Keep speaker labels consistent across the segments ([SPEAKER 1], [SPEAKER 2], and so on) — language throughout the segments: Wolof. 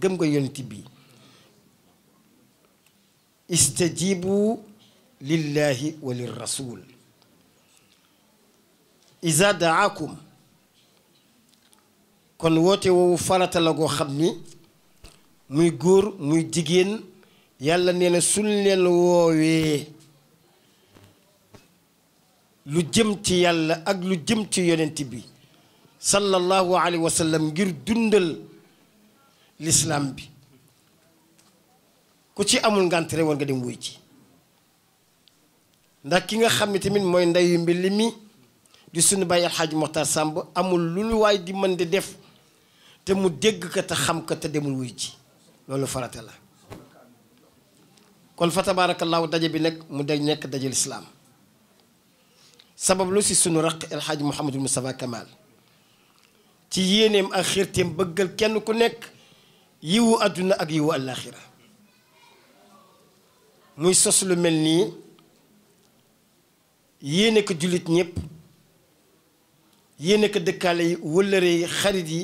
[SPEAKER 1] gëm nga yonent bi istajibu lillahi wa lirrasul iza daakum kon wote wo farata la go xamni muy góor muy jigen yàlla neena sul len wowe lu jëm ci yàlla ak lu jëm ci yonent bi sallallahu alayhi wa sallam ngir dundal lislaam bi ku ci amul ngànt rek war nga dem wuy ci ndax ki nga xam ne tamit mooy ndeyu mbili mi di sunu bàyyi alxaaji moxtaar sàmb amul lu lu waay di mën di def te mu dégg ko te xam ko te demul wuy ci loolu farate la kon fa tabaarakallaahu daje bi nag mu day nekk daje lislaam sabab lu si sunu raq alxaaji muhammadul mustafa kamal ci yéeneem ak xirteem bëggal kenn ku nekk yiwu àdduna ak yiwu àllaaxira muy sos lu mel nii yéene ko jullit ñëpp yéene ko dëkkaale yi wëllëre yi xarit yi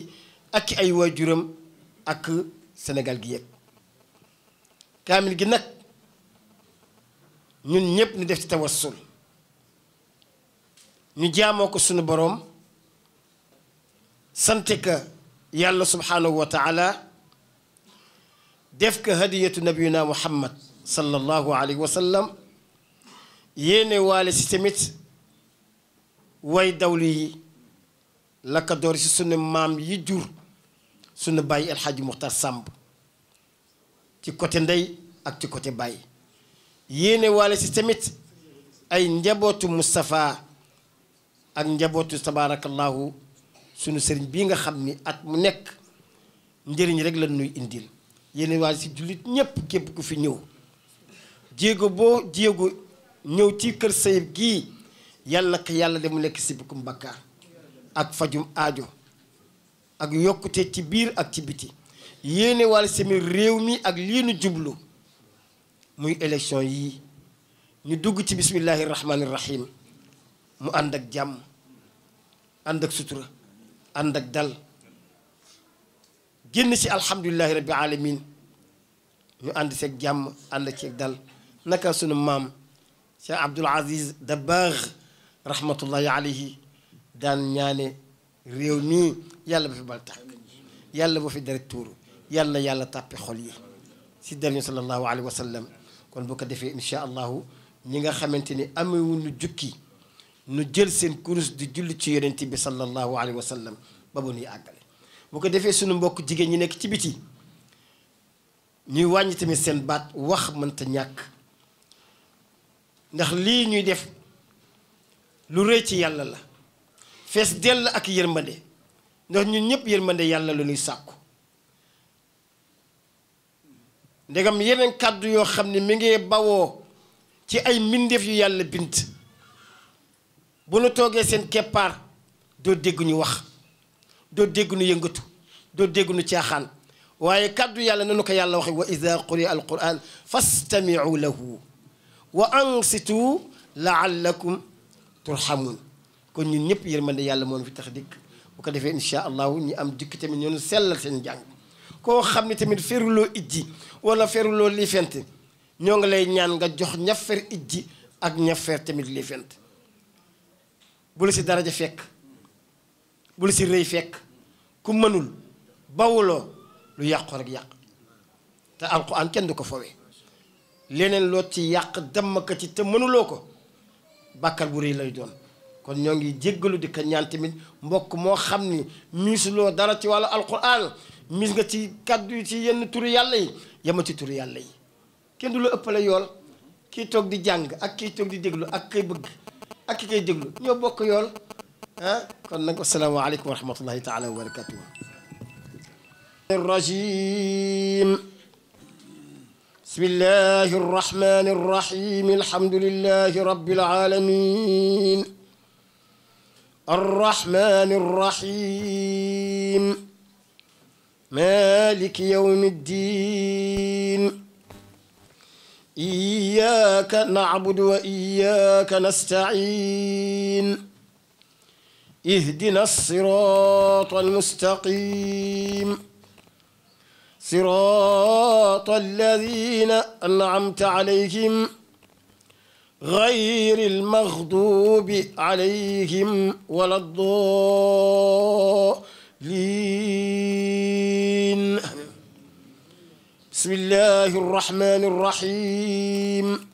[SPEAKER 1] ak ay waajuram ak Sénégal gi yëpp kaamil gi nag ñun ñëpp ñu def ci tawassul ñu jaamoo ko sunu boroom sante ka yàlla subhaanahu wa taala دفك هدية نبينا محمد صلى الله عليه وسلم يني والي ستميت وي دولي لك دوري سن مام يدور سن باي الحاج مختار سامب تي كوتي ندي اك تي كوتي باي يني والي ستميت اي نجابوت مصطفى اك نجابوت تبارك الله سن سرين بيغا خامني ات مو نيك نديرني رك yéen waa si jullit ñépp képp ku fi ñëw jéego boo jéego ñëw ci kër Sayib gii yàlla ko yàlla de mu nekk si bukkum bakkaar ak fajum aajo ak yokkute ci biir ak ci biti yéene waale réew mi ak lii jublu muy élection yi ñu dugg ci bismillahi rahmaani rahim mu ànd ak jàmm ànd ak sutura ànd ak dal génn ci alhamdulilahi rabbi alamin ñu ànd seeg jàmm ànd ceeg dal naka sunu maam Cheikh Abdoul Aziz Dabakh rahmatullahi alayhi daan ñaane réew mii yàlla ba fi bal tàkk yàlla ba fi dara tuuru yàlla yàlla tàppi xol yi si der ñu sallallahu alayhi wa sallam kon bu ko defee incha allahu ñi nga xamante ni amewuñu jukki nu jël seen kurus di julli ci yonent bi sallallahu alayhi wa sallam ba ba nuy àggale bu ko defee sunu mbokk jigéen ñi nekk ci biti ñuy wàññi tamit seen baat wax mënta ñàkk ndax lii ñuy def lu rëy ci yàlla la fees dell ak yërmande ndax ñun ñëpp yërmande yàlla lu ñuy sàkku ndegam yeneen kàddu yoo xam ne mi ngi bawoo ci ay mbindeef yu yàlla bint bu nu toogee seen keppaar doo dégg ñu wax do degnu nu yëngatu doo dégg nu caaxaan waaye kàddu yàlla nanu ko yàlla waxe wa iza quri alquran fastami'u lahu wa ansitu laallakum turhamun kon ñun ñep yermane yàlla moo fi tax dikk bu ko defé insha allah ñi am dik tamit ñoonu selal seen jàng ko xamni tamit ferulo idji wala ferulo liifent ñoo nga lay ñaan nga jox ñafer idji ak ñafer tamit liifent bu lu ci daraja fek bu lu ci reuy fek ku mënul bawuloo lu yàqu rek yàq te alquran kenn du ko fowee leneen loo ci yàq demmakati te mënuloo ko bàkkal bu rëy lay doon kon ñoo ngi jéggalu di ko ñaan tamit mbokk moo xam ni miisuloo dara ci wàllu alquran mis nga ci kàddu yi ci yenn turi yàlla yi yema ci turu yàlla yi kenn du la ëppale yool kii toog di jàng ak kii toog di déglu ak kay bëgg ak ki kay déglu ñoo bokk yool قال لكم السلام عليكم ورحمة الله تعالى وبركاته الرجيم بسم الله الرحمن الرحيم الحمد لله رب العالمين الرحمن الرحيم مالك يوم الدين إياك نعبد وإياك نستعين اهدنا الصراط المستقيم صراط الذين أنعمت عليهم غير المغضوب عليهم ولا الضالين بسم الله الرحمن الرحيم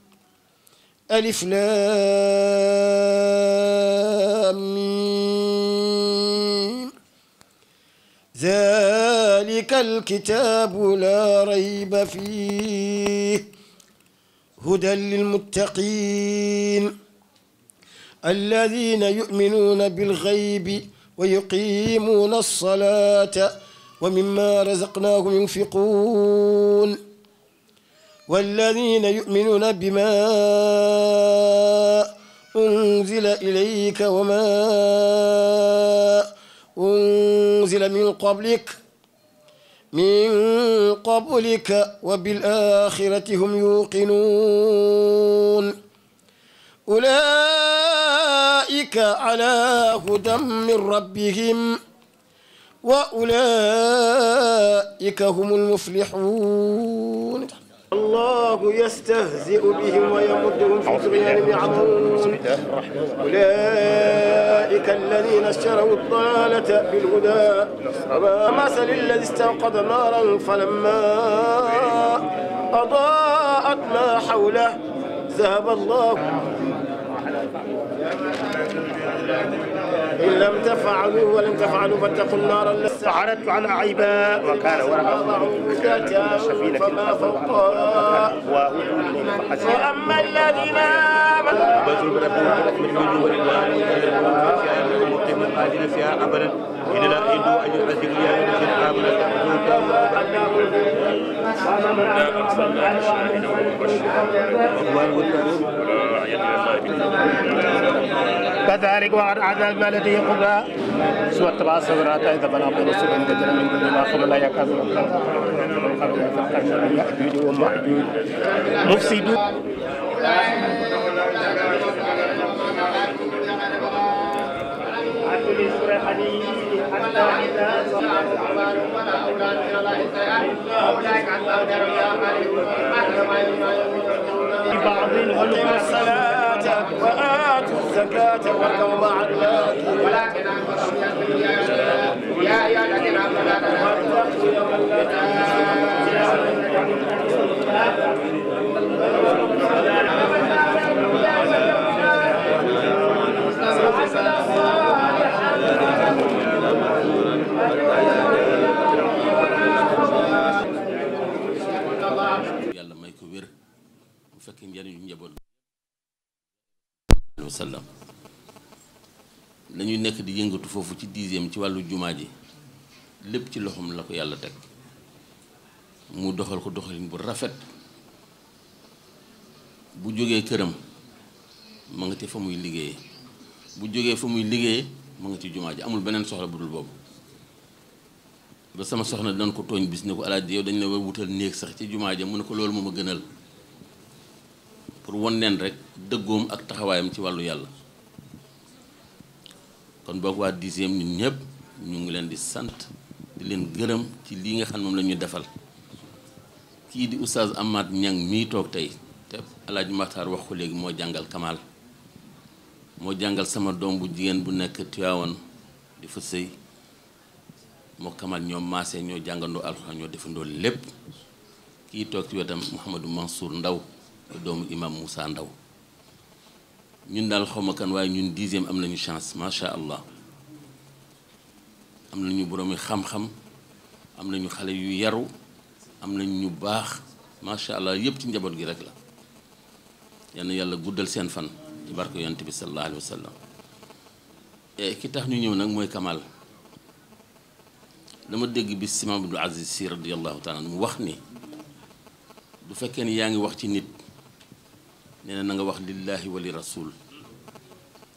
[SPEAKER 1] ألف لام ذلك الكتاب لا ريب فيه هدى للمتقين الذين يؤمنون بالغيب ويقيمون الصلاة ومما رزقناهم ينفقون والذين يؤمنون بما أنزل إليك وما أنزل أنزل من قبلك من قبلك وبالآخرة هم يوقنون أولئك على هدى من ربهم وأولئك هم المفلحون الله يستهزئ بهم ويمدهم في طغيانهم يعمهون أولئك الذين اشتروا الضلالة بالهدى وما الذي استوقد نارا فلما أضاءت ما حوله ذهب الله إن لم تفعلوا ولم تفعلوا فاتقوا النار التي فعلت على أعيباء وكان وراءهم شفينا فما
[SPEAKER 2] فوقها وأما الذين آمنوا خالدين فيها أبدا إن لا يدوا أن يعذبوا يا الذين آمنوا إنا أرسلناك شاهدا ومبشرا ولا يدعي الله
[SPEAKER 1] كذلك وعن عذاب التي قضى سوى اتباع الصبرات إذا بلغ بين عند وجل من كل ما خبر لا يكاد يأجوج ومأجوج مفسدون عن بعض الغلو والسلام وآتوا الزكاة وارضوا مع الباقين ولكن
[SPEAKER 3] يا wa sallam nekk di yëngatu foofu ci dixième ci wàllu jumaa ji lépp ci loxoom la ko yàlla teg mu doxal ko doxalin bu rafet bu jógee këram ma nga te fa muy liggéeyee bu jógee fa muy liggéeyee ma nga ci jumaa ji amul beneen soxla bu dul boobu ba sama soxna dinañ ko tooñ bis ne ko alaaji yow dañ la war wutal néeg sax ci jumaa ja mu ne ko loolu moom a gënal pour won leen rek dëggoom ak taxawaayam ci wàllu yàlla kon boog waa dixième ñun ñépp ñu ngi leen di sant di leen gërëm ci lii nga xam moom la defal kii di oustaz amaat ñaŋ mii toog tey te alaaj Maxtaar wax ko léegi moo jàngal Kamal moo jàngal sama doom bu jigéen bu nekk Tiwaawan di fa sëy moo Kamal ñoo maasee ñoo jàngandoo alxuraan ñoo defandoo lépp kii toog ci wetam Mouhamadou Mansour Ndaw doomu imam Moussa Ndaw ñun daal xawma kan waaye ñun dixième am nañu chance macha allah am nañu boromi xam-xam am nañu xale yu yaru am nañu ñu baax macha allah yëpp ci njaboot gi rek la yàlla yàlla guddal seen fan ci barke yonent bi sallallahu alayhi wasallam sallam ki tax ñu ñëw nag mooy Kamal dama dégg bis simam Abdul Aziz Sy radiyallahu taala mu wax ni du fekkee ni yaa ngi wax ci nit. nena na nga wax lillahi wali rasul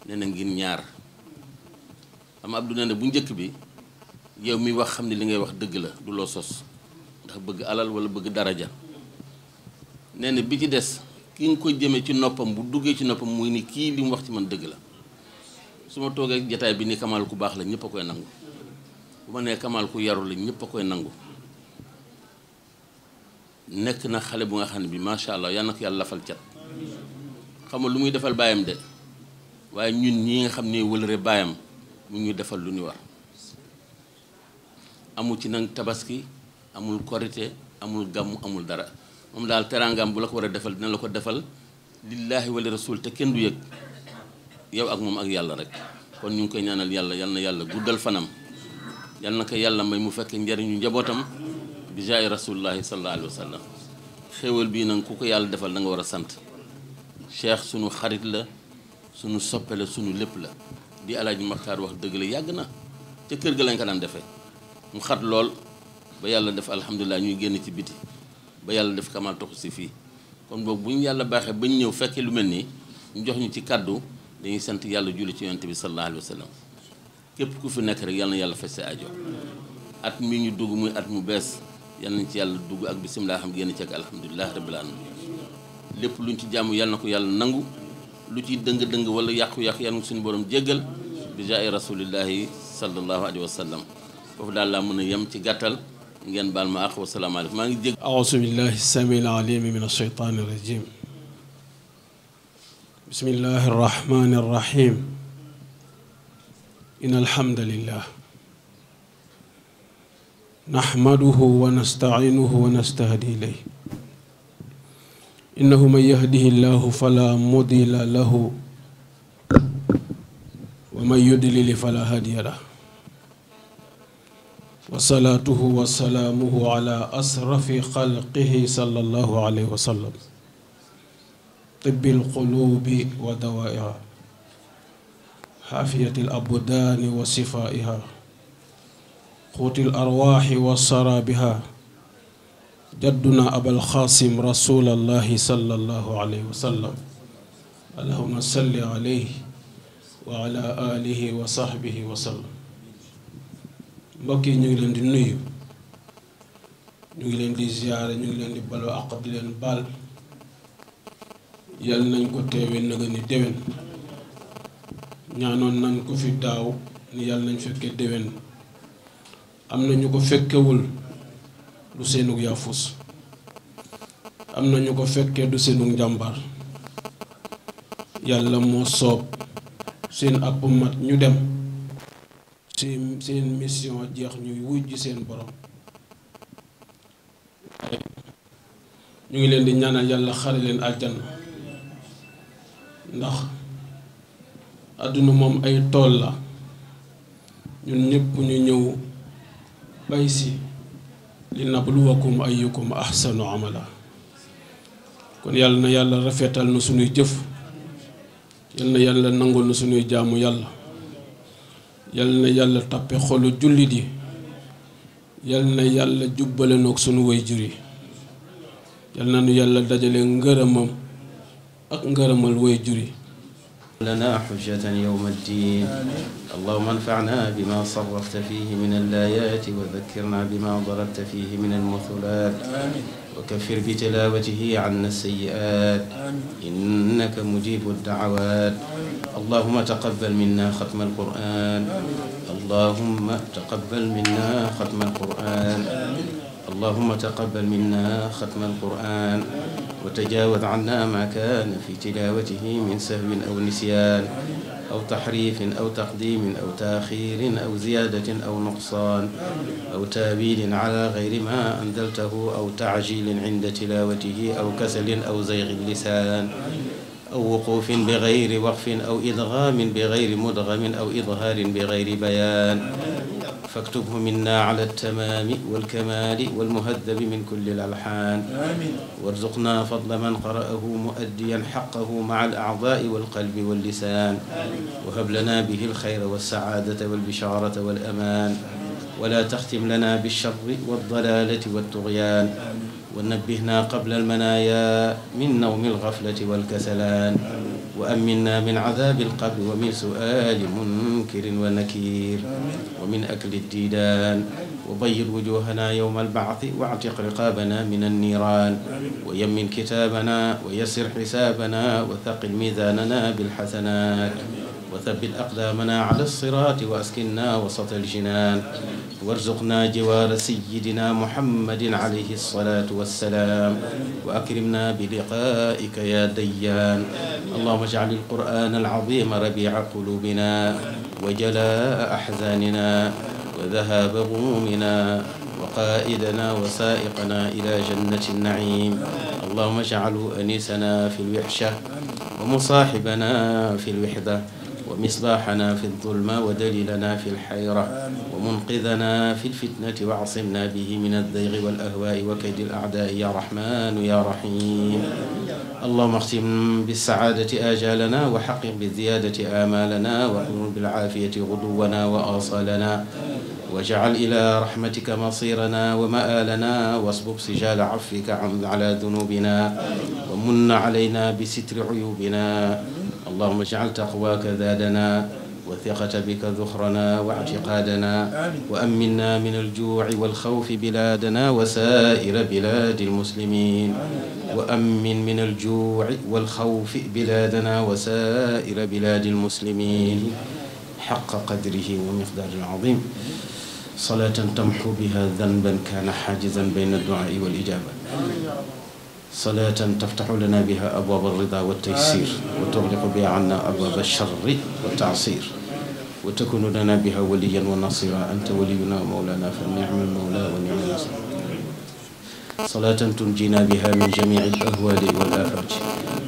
[SPEAKER 3] nena na ñaar am abdou nena bu bi yow mi wax xamni li ngay wax deug la du lo sos ndax bëgg alal wala bëgg daraja nena bi ci dess ki ngi koy jëme ci nopam bu duggé ci nopam muy ni ki lim wax ci man deug la suma bi ni kamal ku bax la ñëpp nangu buma kamal ku yarul la ñëpp nangu nek na xalé bu nga xamni bi ma sha allah nak yalla fal ciat xamul lu muy defal bayam de waye ñun ñi nga xamne wëlëre bayam mu ñu defal lu ñu war amul ci nang tabaski amul korite amul gam amul dara mom dal terangam bu la ko wara defal dina la ko defal lillahi wal rasul te kenn du yëg yow ak mom ak yàlla rek kon ñu ngi koy ñaanal yàlla yalla yàlla guddal fanam yalla naka yàlla may mu fekk njariñu njabotam bi jaay rasulullah sallallahu alaihi wasallam xewal bi nang ku ko yàlla defal da nga wara sante شيخ سنو خريط لا سونو سوب لا سونو ليب لا دي الله دي مختار واخ دغ لا ياغنا تي كيرغ لا نكا دان ديفاي مو خات لول با يالا ديف الحمد لله نيجي ген تي بيتي با يالا ديف كمال توخسي في كون بوك بو يالا باخي با نييو فكي لو ملني ني جوخ ني تي كادو دي ني سنت يالا جولي تي يونتبي صلى الله عليه وسلم كيب كو في نك رك يالنا يالا فسي اديو ات مي ني دوغ موي ات مو دوغ اك بسم الحمد لله رب العالمين lépp luñ ci jàmm yàlla nako yàlla nangu lu ci deung deung wala yaqu yak yàlla na suñu borom djegal bi jaay rasulillah sallallahu alayhi wa sallam foofu daal laa mën ci gatal ngeen bal ma akhu wa salaamaaleykum ma ngi djeg
[SPEAKER 4] a'udhu billahi samil alim min ash-shaytanir rajim بسم الله الرحمن الرحيم إن الحمد لله نحمده ونستعينه ونستهدي إليه إنه من يهده الله فلا مضل له ومن يضلل فلا هادي له وصلاته وسلامه على أسرف خلقه صلى الله عليه وسلم طب القلوب ودوائها حافية الأبدان وصفائها قوت الأرواح وسرابها جدنا أبا الخاسم رسول الله صلى الله عليه وسلم اللهم صل عليه وعلى آله وصحبه وسلم بكي نيلن دي نيو نيلن دي زيارة نيلن دي بلو أقد لين بال يل ننكو تيوين نغني ديوين نانون ننكو في داو نيال ننفك ديوين أم ننكو فكي ول du seenug yaafus am na ñu ko fekkee du seenug njàmbaar yàlla moo soob seen àpp mat ñu dem seen seen mission jeex ñuy wuj seen boroom ñu ngi leen di ñaanal yàlla xale leen àjjana ndax àdduna moom ay tool la ñun ñëpp ñu ñëw bay si لنبلوكم أيكم أحسن عملا كون يالنا يالا رفيتال نو سونو جيف يالنا يالا نانغول نو سونو جامو يالا يالنا يالا تابي خولو جولي دي يالنا يالا جوبال نوك سونو ويجوري يالنا نو يالا داجالي نغرمم اك نغرمال لنا حجة يوم الدين اللهم انفعنا بما صرفت فيه من الآيات
[SPEAKER 2] وذكرنا بما ضربت فيه من المثلات وكفر بتلاوته عنا السيئات إنك مجيب الدعوات اللهم تقبل منا ختم القرآن اللهم تقبل منا ختم القرآن اللهم تقبل منا ختم القرآن وتجاوز عنا ما كان في تلاوته من سهو أو نسيان أو تحريف أو تقديم أو تأخير أو زيادة أو نقصان أو تابيل على غير ما أنزلته أو تعجيل عند تلاوته أو كسل أو زيغ اللسان أو وقوف بغير وقف أو إدغام بغير مدغم أو إظهار بغير بيان فاكتبه منا على التمام والكمال والمهذب من كل الألحان آمين وارزقنا فضل من قرأه مؤديا حقه مع الأعضاء والقلب واللسان آمين وهب لنا به الخير والسعادة والبشارة والأمان ولا تختم لنا بالشر والضلالة والطغيان آمين ونبهنا قبل المنايا من نوم الغفلة والكسلان آمين وأمنا من عذاب القبر ومن سؤال منكر ونكير ومن أكل الديدان وبيض وجوهنا يوم البعث واعتق رقابنا من النيران ويمن كتابنا ويسر حسابنا وثقل ميزاننا بالحسنات وثبت أقدامنا على الصراط وأسكننا وسط الجنان وارزقنا جوار سيدنا محمد عليه الصلاة والسلام وأكرمنا بلقائك يا ديان اللهم اجعل القرآن العظيم ربيع قلوبنا وجلاء أحزاننا وذهاب غمومنا وقائدنا وسائقنا إلى جنة النعيم اللهم اجعله أنيسنا في الوحشة ومصاحبنا في الوحدة ومصلاحنا في الظلمة ودليلنا في الحيرة ومنقذنا في الفتنة وعصمنا به من الزيغ والأهواء وكيد الأعداء يا رحمن يا رحيم اللهم اختم بالسعادة آجالنا وحقق بالزيادة آمالنا وأمر بالعافية غدونا وآصالنا واجعل إلى رحمتك مصيرنا ومآلنا واسبب سجال عفوك على ذنوبنا ومن علينا بستر عيوبنا اللهم اجعل تقواك زادنا وثقة بك ذخرنا واعتقادنا وأمنا من الجوع والخوف بلادنا وسائر بلاد المسلمين وأمن من الجوع والخوف بلادنا وسائر بلاد المسلمين حق قدره ومقداره العظيم صلاة تمحو بها ذنبا كان حاجزا بين الدعاء والإجابة صلاة تفتح لنا بها أبواب الرضا والتيسير وتغلق بها عنا أبواب الشر والتعصير وتكون لنا بها وليا ونصيرا أنت ولينا ومولانا فنعم المولى ونعم النصير صلاة تنجينا بها من جميع الأهوال والآفات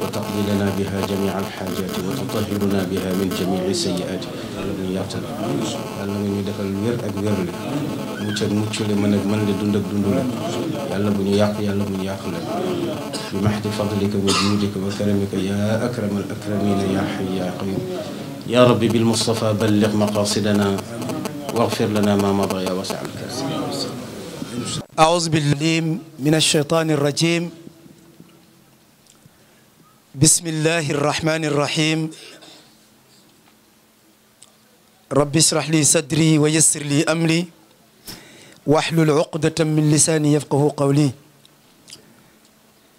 [SPEAKER 2] وتقضي لنا بها جميع الحاجات وتطهرنا بها من جميع السيئات الذي يعتنى الذي يدخل الوير أكبر mucc ak le man ak man nga dund ak dundule yàlla bu ñu yàq yàlla bu ñu yàqule bi mahdi fadlika wa juudika wa karamika ya akram al akramin ya hayy ya qayyum ya rabbi bil mustafa balligh maqasidana واغفر لنا ما مضى يا وسع الكرسي
[SPEAKER 5] أعوذ بالله من الشيطان الرجيم بسم الله الرحمن الرحيم رب اشرح لي صدري ويسر لي أمري واحلل عقدة من لساني يفقه قولي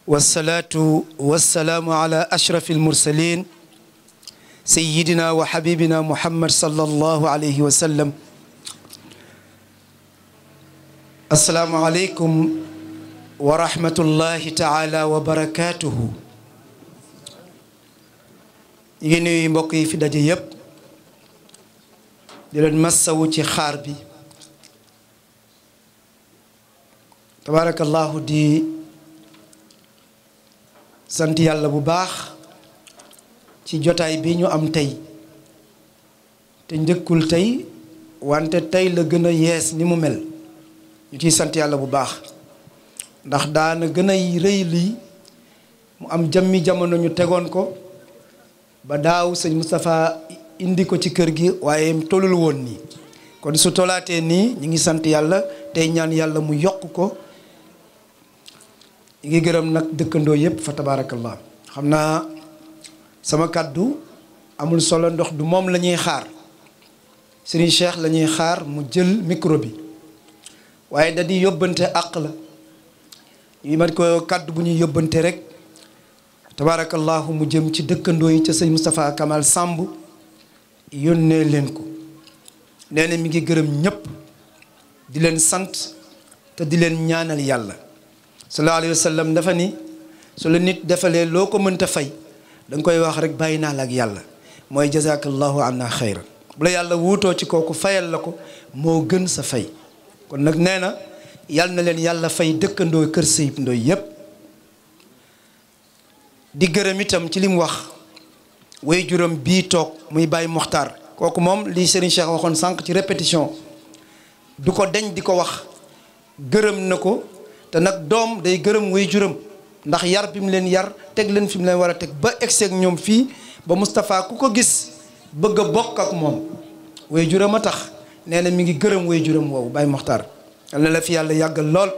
[SPEAKER 5] والصلاة والسلام على أشرف المرسلين سيدنا وحبيبنا محمد صلى الله عليه وسلم السلام عليكم ورحمة الله تعالى وبركاته ñu ngi في دجيب yi fi daje tabaarakallaahu di sant yàlla bu baax ci jotaay bi ñu am tey te njëkkul tey wante tey la gën a yees ni mu mel ñu ciy sant yàlla bu baax ndax daana gën a rëy lii mu am jàmmi jamono ñu tegoon ko ba daaw sëñ Moustapha indi ko ci kër gi waaye tolul woon nii kon su tolaatee nii ñu ngi sant yàlla tey ñaan yàlla mu yokk ko ngi gërëm nak dëkkandoo yëpp fa tabarakallah xamna sama kaddu amul solo ndox du mom la xaar Serigne Cheikh la xaar mu jël micro bi waye da di yobante àq ñi mat ko kaddu bu ñu yobante rek tabarakallah mu jëm ci dëkkandoo yi ci sëñ mustafa Kamal Sambu, yonne leen ko neena na mi ngi gërëm ñëpp di leen sant te di leen ñaanal yalla sallallahu alayhi wa dafa ni su la nit defalee loo ko mënta fay da koy wax rek bàyyi naa la ak yàlla mooy jazakallahu anna xayran bu la yàlla wuutoo ci kooku fayal la ko moo gën sa fay kon nag nee na yàll na leen yàlla fay dëkkandoo kër Sayib Ndoye yépp di gërëm itam ci li wax woy juróom bii toog muy bàyyi moxtaar kooku moom li Serigne Cheikh waxoon sànq ci répétition du ko deñ di ko wax gërëm na ko te nag doom day gërëm way juram ndax yar bi mu leen yar teg leen fi mu leen war a teg ba egseeg ñoom fii ba mustafaa ku ko gis bëgg a bokk ak moom way juram a tax nee na mi ngi gërëm way juram woowu Baye Mokhtar yal na la fi yàlla yàggal lool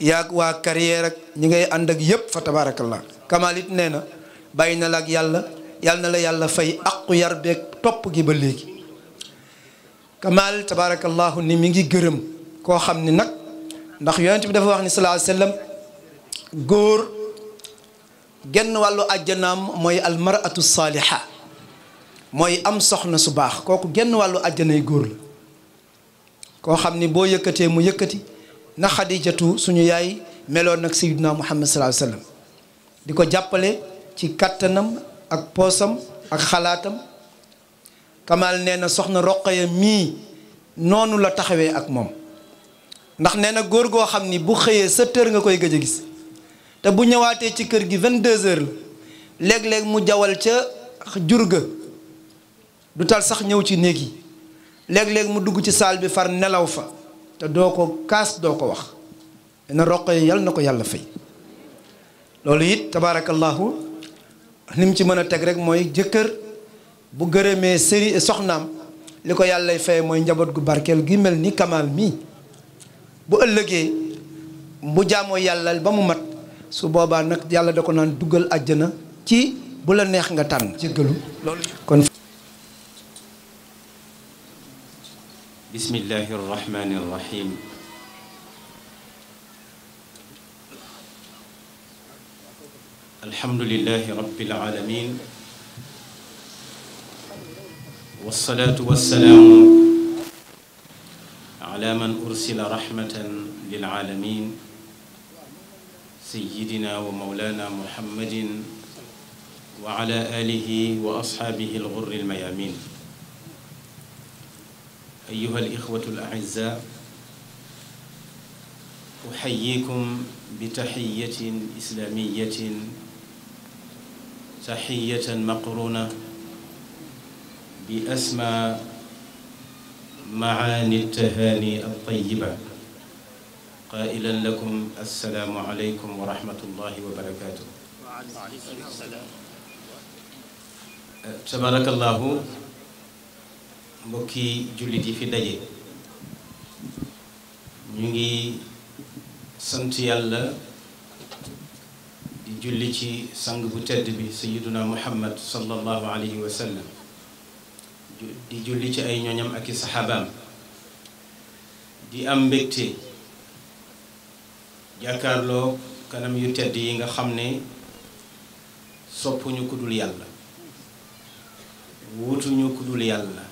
[SPEAKER 5] yàgg waa carrière ak ñi ngay ànd ak yépp fa tabarakallah Kamal it nee na bàyyi na la ak yàlla yàlla na la yàlla fay aqu yar beeg topp gi ba léegi Kamal tabarakallahu ni mi ngi gërëm koo xam ni nag ndax yoonte bi dafa wax ni sallallahu alayhi wasallam góor genn walu aljanam moy al mar'atu saaliha moy am soxna su bax koku genn wàllu àjjanay góor la ko xamni bo yekete mu yekati na khadijatu suñu yaay melon nag sayyidina muhammad sallallahu alayhi wasallam diko jàppale ci katanam ak posam ak khalatam Kamal neena soxna Roqaya mi nonu la taxawé ak mom ndax nee na góor goo xam ni bu xëyee sept heures nga koy gëj a gis te bu ñëwaatee ci kër gi vingt-deux heures la mu jawal ca jur ga du tal sax ñëw ci néeg yi léeg-léeg mu dugg ci saal bi far nelaw fa te doo ko kaas doo ko wax dina roq yi yal na ko yàlla fay loolu it tabaarakallahu li mu ci mën a teg rek mooy jëkkër bu gërëmee sëri soxnaam li ko yàllay fay mooy njaboot gu barkeel gi mel ni kamaal mii bu ëllëgee bu jaamoo yàlla ba mu mat su boobaa nag yàlla da ko naan duggal àjjana ci bu la neex nga tànn jéggalu loolu kon
[SPEAKER 2] bismillahi arrahmani arrahim alhamdulillahi rabbil alamin والصلاة والسلام على من أرسل رحمة للعالمين سيدنا ومولانا محمد وعلى آله وأصحابه الغر الميامين أيها الإخوة الأعزاء أحييكم بتحية إسلامية تحية مقرونة بأسمى معاني التهاني الطيبة قائلا لكم السلام عليكم ورحمة الله وبركاته تبارك الله مكي جلدي في دجي نيجي سنتي الله دي جلتي بي سيدنا محمد صلى الله عليه وسلم di julli ci ay ñoñam ak i saxaabaam di am mbégte jàkkaarloo kanam yu tedd yi nga xam ne soppuñu ku dul yàlla wutuñu ku dul yàlla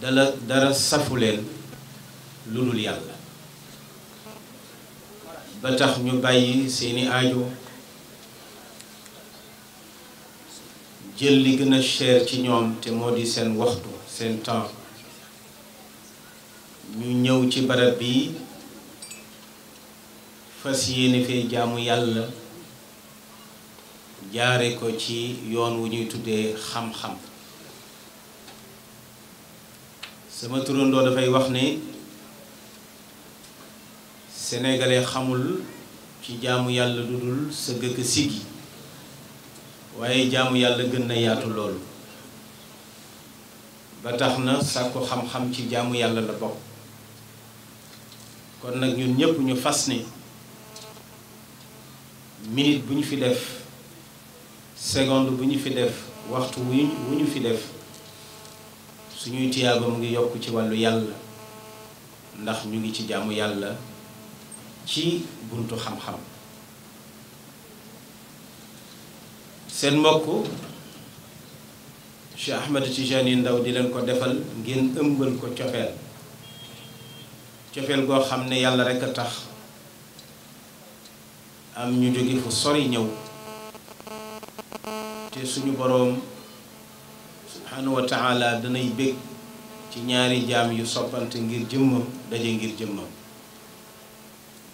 [SPEAKER 2] dala dara safu leen lu dul yàlla ba tax ñu bàyyi seeni aajo jël li gën a cher ci ñoom te moo di seen waxtu seen temps ñu ñëw ci barab bi fas yéene fee jaamu yàlla jaare ko ci yoon wu ñuy tuddee xam-xam sama turandoo dafay wax ni sénégalais xamul ci jaamu yàlla dudul sa gëkk siggi waaye jaamu yàlla gën na yaatu loolu ba tax na sàkku xam-xam ci jaamu yàlla la bokk kon nag ñun ñëpp ñu fas ni minute bu ñu fi def seconde bu ñu fi def waxtu wu ñu fi def suñuy tiyaaba mu ngi yokk ci wàllu yàlla ndax ñu ngi ci jaamu yàlla ci buntu xam-xam sen mbokk ci Ahmed Tidiane ndaw di len ko defal ngeen eumbal ko cofeel cofeel go xamne yàlla rek tax am ñu jóge fu sori ñëw te suñu borom subhanahu wa taala danay bég ci ñaari jaam yu soppante ngir jëmmam daje ngir jëmmam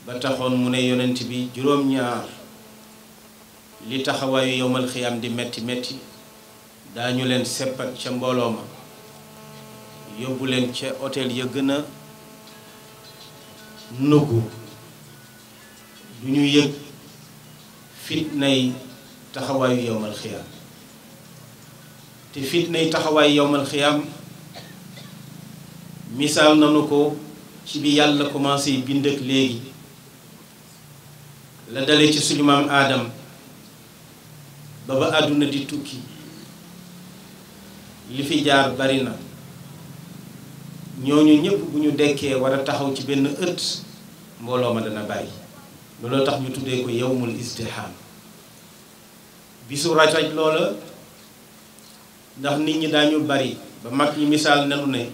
[SPEAKER 2] ba taxoon mu ne yonent bi juróom-ñaar li taxawaayu yowmal xiyaam di metti metti daañu leen seppat ca mbooloo ma yóbbu leen ca hôtel ya gën a nëggu du ñu yëg fitnay taxawaayu yowmal xiyaam te fitnay taxawaayu yowmal xiyaam misaal nanu ko ci bi yàlla commencé bind ak léegi la dale ci suñu maam aadam ba ba àdduna di tukki li fi jaar bari na ñooñu ñëpp bu ñu dekkee war a taxaw ci benn ëtt mbooloo ma dana bari looloo tax ñu tuddee ko yow yowmul izdiham bisu rajaj loola ndax nit ñi daañu bari ba mag ñi misaal nanu ne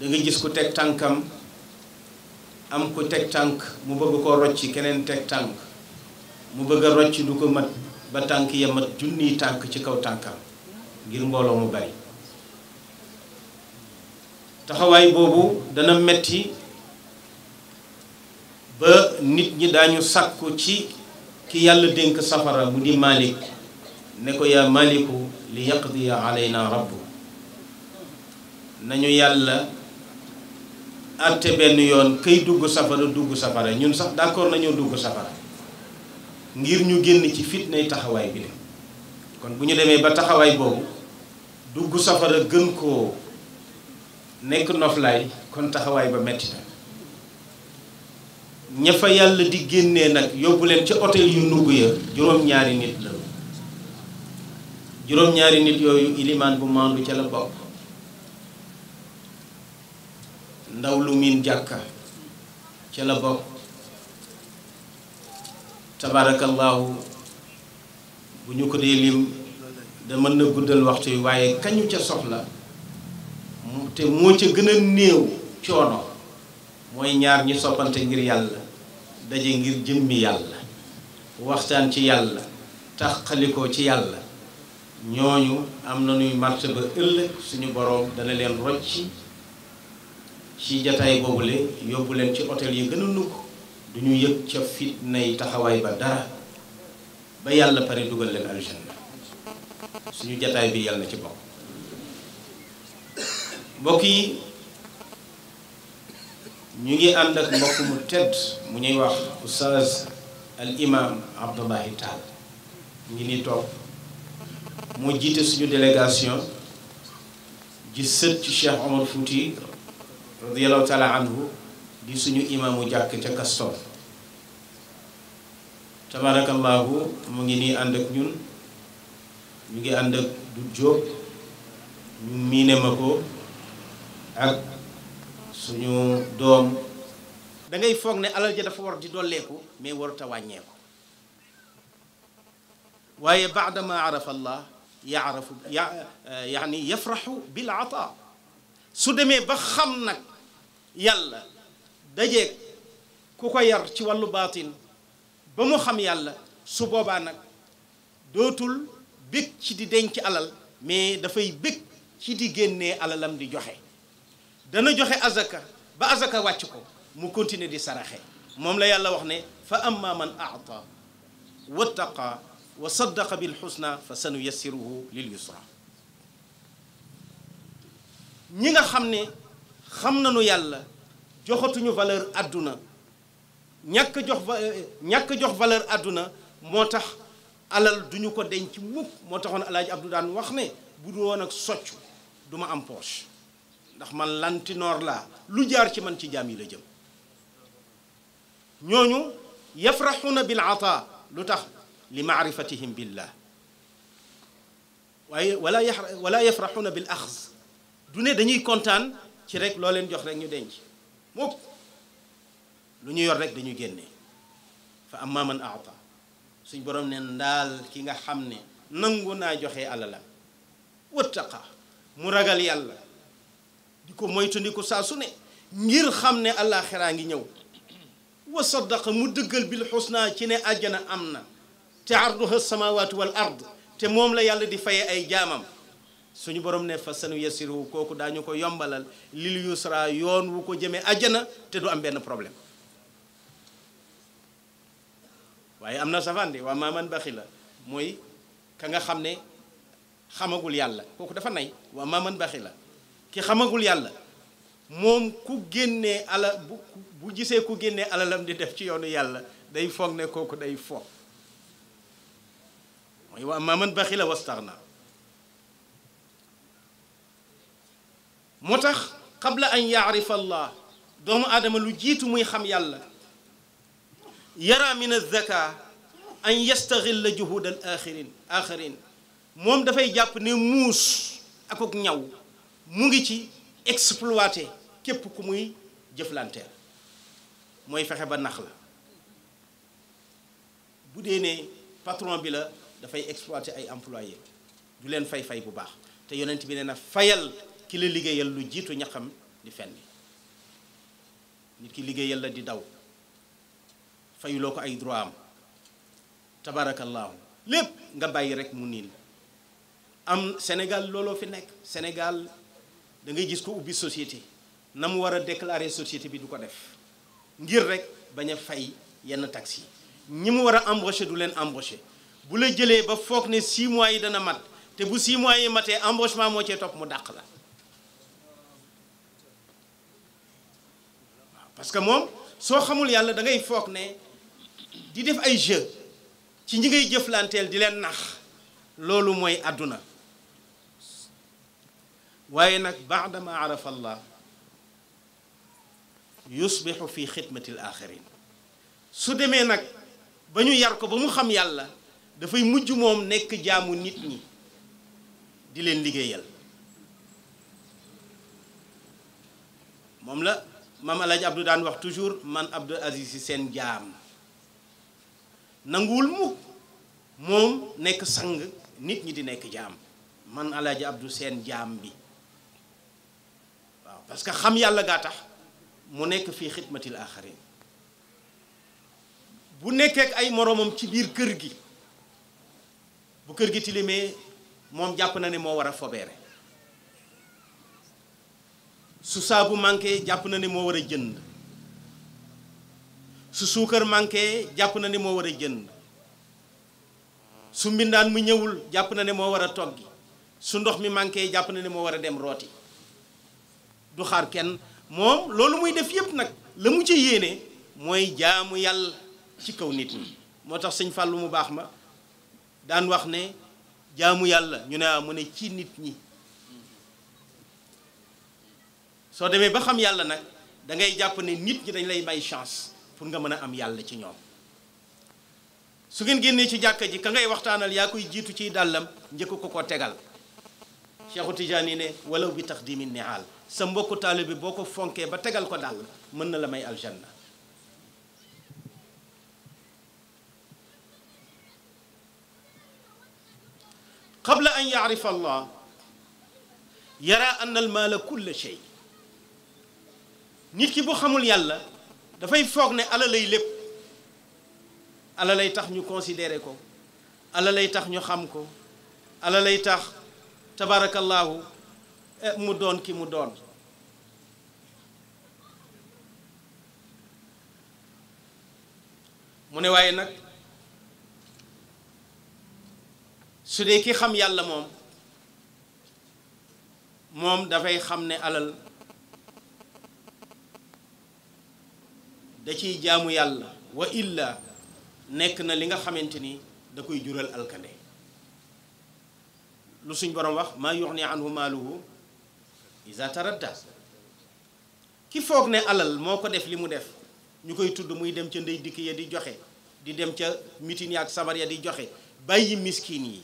[SPEAKER 2] danga gis ku teg tànkam am ku teg tànk mu bëgg koo rocci keneen teg tànk mu bëgg a rocci du ko mat ba tànk ya mat junniy tànk ci kaw tànkam ngir mbooloo mu bari taxawaay boobu dana metti ba nit ñi dañu sàkku ci ki yàlla dénk safara mu di malik ne ko yaa maliku li yaqdiya alayna rabbu nañu yàlla àtte benn yoon këy dugg safara dugg safara ñun sax d'accord nañoo dugg safara ngir ñu génn ci fitnay taxawaay bi la kon bu ñu demee ba taxawaay boobu dugg safara gën koo nekk noflaay kon taxawaay ba metti na ña fa yàlla di génnee nag yóbbu leen ca hôtel yu nugg ya juróom-ñaari nit la juróom-ñaari nit yooyu ilimaan bu maandu ca la bokk ndaw lu miin jàkka ca la bokk tabaarakallaahu bu ñu ko dee lim da mën na guddal waxtu yi waaye kañu ca soxla te moo ca gën a néew coono mooy ñaar ñi soppante ngir yàlla daje ngir jëmmi yàlla waxtaan ci yàlla taxalikoo ci yàlla ñooñu am na nuy ba ëllëg suñu boroom dana leen rocci ci jataay boobule yóbbu leen ci hôtel yi gën a nugg du ñu yëg ca fitnay taxawaay ba dara ba yàlla pare dugal leen aljanna suñu jataay bi yàlla na ci bokk mbokk yi ñu ngi ànd ak mbokk mu tedd mu ñuy wax oustaz al imam abdullahi taal ngi ni toog moo jiite suñu délégation ji sët ci cheikh omar fouti radiallahu taala anhu di suñu imaamu jàkk ca Castor tabaarakallaahu mu ngi nii ànd ak ñun ñu ngi ànd ak du ñu miine ma ko ak suñu doom da foog ne alal ja dafa war di dolleeku mais warut wàññeeku waaye baadama arafa allah yaarafu yaani yafraxu bil su demee ba xam nag yàlla dajek ku ko yar ci walu batin ba mu xam yàlla su boba nak dotul bik ci di denc alal mais fay bik ci di genné alalam di joxe dana joxe azaka ba azaka wàcc ko mu continuer di saraxe mom la yàlla wax ne fa amma man a'ta wattaqa wa saddaqa bil husna fa sanuyassiruhu lil yusra ñi nga xamne xam nañu yàlla joxatuñu valeur aduna ñak jox ñak jox valeur aduna motax alal duñu ko denc mukk moo taxoon alaaji Abdou daan wax ne bu do won ak soccu duma am poche ndax man lanti nor la lu jaar ci man ci jami la jëm ñoñu yafrahuna bil ata lutax li ma'rifatihim billah waaye wala wala yafraxuuna bil akhz dune dañuy contane ci rek lo leen jox rek ñu denc mukk lu ñu yor rek dañu génne fa amma man aata suñ borom ne ndaal ki nga xam ne nangu naa joxe alalam wattaqa mu ragal yàlla di ko moytandiku saa su ne ngir xam ne allaaxiraa ngi ñëw wa saddaqa mu dëggal bil xusna ci ne àjjana am na te arduha samawaatu wal ard te moom la yàlla di faye ay jaamam suñu borom ne fa sanu yasiru kooku daañu ko yombalal lil yusra yoon wu ko jëmee àjjana te du am benn problème waaye am na safaan de waa maaman baxi la mooy ka nga xam ne xamagul yàlla kooku dafa nay waa maaman baxi la ki xamagul yàlla moom ku génnee ala bu bu gisee ku génnee alalam di def ci yoonu yàlla day foog ne kooku day foog mooy waa maaman baxi la wastax na motax qabla an ya'rif allah doomu adama lu jitu muy xam yàlla yara min az-zaka an yastaghill juhud al akhirin akhirin mom da fay jàpp ne mous ak ak ñaw mu ngi ci exploiter kep ku muy jëflanteel moy fexe ba nax la bu dee ne patron bi la da fay exploiter ay employé du len fay fay bu baax te yonent bi né na fayal ki la liggéeyal lu jiitu ñaxam di fenn nit ki liggéeyal la di daw fayuloo ko ay droit am tabaarakallaahu lépp nga bàyyi rek mu niin am Sénégal looloo fi nekk Sénégal dangay gis ko ubbi société na mu war a déclarer société bi du ko def ngir rek bañ a fay yenn taxi yi ñi mu war a embaucher du leen embaucher bu la jëlee ba foog ne 6 mois yi dana mat te bu 6 mois yi matee embauchement moo cee topp mu dàq la parce que moom soo xamul yàlla da ngay foog ne di def ay jeu ci ñi ngay jëflanteel di leen nax loolu mooy àdduna waaye nag baadama arafa allah yusbixu fi xidmati l axirin su demee nag ba ñu yar ko ba mu xam yàlla dafay mujj moom nekk jaamu nit ñi di leen liggéeyal moom la maam El Hadj Abdou daan wax toujours man Abdou Aziz si seen jaam nanguwul mukk moom nekk sang nit ñi di nekk jaam man El Hadj Abdou seen jaam bi waaw parce que xam yàlla gaa tax mu nekk fii xidmatil aaxarin bu nekkee ay moroomam ci biir kër gi bu kër gi tilimee moom jàpp na ne moo war a fobeere su saabu manqué jàpp na ne moo war a jënd su suukar manqué jàpp na ne moo war a jënd su mbindaan mu ñëwul jàpp na ne moo war a toggi su ndox mi manqué jàpp na ne moo war a dem rooti du xaar kenn moom loolu muy def yépp nag la mu ci yéene mooy jaamu yàlla ci kaw nit ñi moo tax sëñ fàll mu baax ma daan wax ne jaamu yàlla ñu ne ah, mu ne ci nit ñi so deme ba xam yàlla nak da ngay jàpp ne nit ñi dañ lay may chance pour nga mëna am yàlla ci ñoom su ngeen génnee ci jàkka ji ka ngay waxtaanal ya koy jitu ci dalam njëkk ko ko tegal cheikhou tidiane ne walaw bi taqdim an ni'al sa mbokk talib boko fonké ba tegal ko dal mën na la may aljanna قبل أن يعرف الله يرى أن المال كل شيء nit ki bu xamul yàlla dafay foog ne ala lay lépp ala lay tax ñu considéré ko ala lay tax ñu xam ko ala lay tax tabaarakallaahu eh, mu doon ki mu doon mu ne waaye nag su dee ki xam yàlla moom moom dafay xam ne alal da ciy jaamu yàlla wa illa nekk na li nga xamante ni da koy jural alkande lu suñ borom wax maa yuxni anhu maaluhu isa taradda ki foog ne alal moo ko def li mu def ñu koy tudd muy dem ca ndey dikk ya di joxe di dem ca mitin ya ak sabar ya di joxe bàyyi miskin yi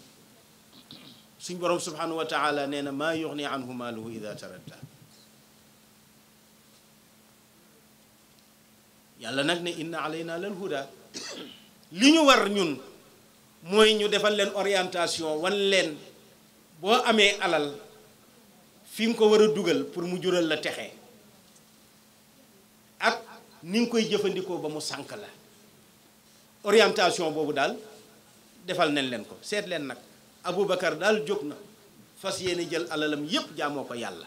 [SPEAKER 2] suñ borom subhanahu wa taala nee na maa yuxni anhu maaluhu ida taradda yàlla nag ne inna alayna lal huda li ñu war ñun mooy ñu defal leen orientation wan leen boo amee alal fi nga ko war a dugal pour mu jural la texe ak ni nga koy jëfandikoo ba mu sànk la orientation boobu daal defal nañ leen ko seet leen nag Aboubacar daal jóg na fas yéene jël alalam yépp jaamoo ko yàlla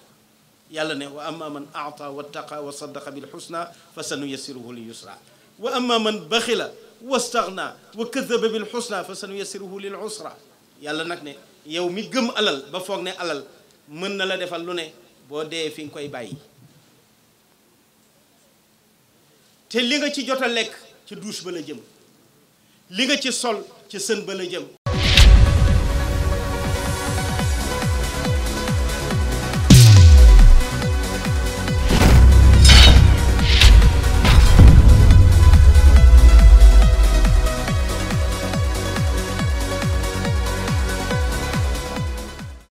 [SPEAKER 2] يلا نه وأما من أعطى واتقى وصدق بالحسنى فسنيسره لليسرى وأما من بخل واستغنى وكذب بالحسنى فسنيسره للعسرى يلا نك نه يوم يجمع ألل بفوق نه ألل من نلا دفعل نه بودي فين كوي باي تلينا تيجي جوتا لك تدوش بلجيم لينا تيجي سول تيجي سن بلجيم